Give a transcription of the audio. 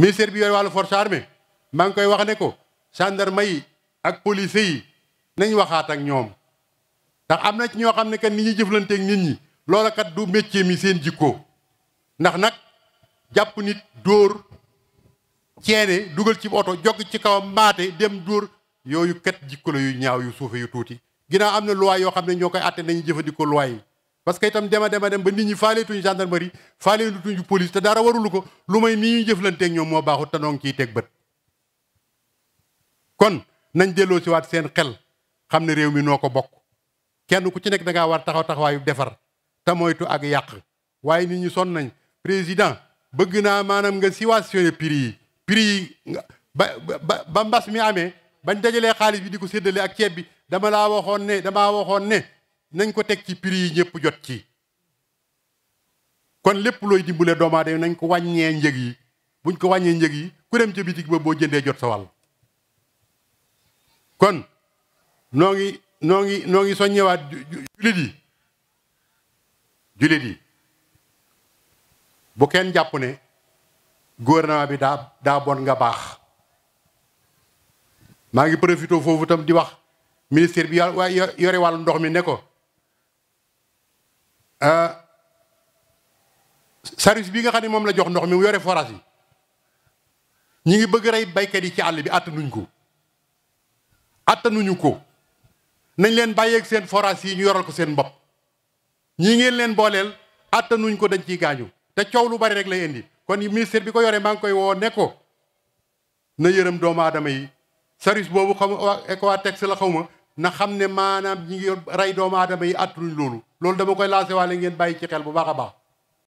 ministère bi yore wàllu force armée maa ngi koy wax ne ko gendarme yi ak police yi nañ waxaat ak ñoom ndax am na ñoo xam ne kat ni ñuy jëflanteeg nit ñi loolakat kat du métier mi seen jikko ndax nag jàpp nit dóor ceene dugal ci oto jog ci kawam maate dem dóor yooyu kat jikko la yu ñaaw yu suufe yu tuuti ginnaaw am na loi yoo xam ne ñoo koy àtte nañu jëfandikoo luwaay yi parce que itam dema dema dem ba nit ñi faaleetuñ gendarmerie faaleetuñ police te dara warulu ko lu may ni ñuy jëflanteeg ñoom moo baaxut te noo ngi ciy teg bët kon nañ delloo siwaat seen xel xam ne réew mi noo ko bokk kenn ku ci nekk dangaa war taxaw taxawaayu defar te moytu ak yàq waaye nit ñi sonn nañ président bëgg naa maanaam nga subventionné prix yi prix yi ba ba ba mbas mi amee bañ dajalee xaalis bi di ko séddale ak ceeb bi dama laa waxoon damaa waxoon ne nañ ko teg ci prix yi ñëpp jot ci kon lépp looy dimbale doomu aadama nañ ko wàññee njëg yi buñ ko wàññee njëg yi ku dem ca bitig ba boo jëndee jot sa wàll kon noo ngi noo ngi noo ngi soññewaat julit yi julit yi bu kenn jàpp ne gouvernement bi daa bon nga baax maa ngi profité foofu tam di wax ministère bi yore wàllu ndox mi ne ko Euh, service bi nga xam ne moom la jox ndox mi mu yore forage yi ñi ngi bëgg rey baykat yi ci àll bi àttanuñ ko àttanuñu ko nañ leen bàyyeeg seen forage yi ñu yoral ko seen bopp ñii ngeen leen booleel àttanuñ ko dañ ciy gaañu te coow lu bari rek lay indi kon ministère bi ko yoree maa ngi koy woo ne na yërëm doomu aadama yi service boobu xaw ma ECOWATEX la xaw ma na xam ne maanaam ñi ngi rey doomu aadama yi àttuñ loolu loolu dama koy lancé ngeen bàyyi ci xel bu baax a baax